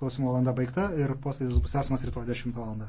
Klausimų valanda baigta ir posėdis bus esmas rytoj 10 val.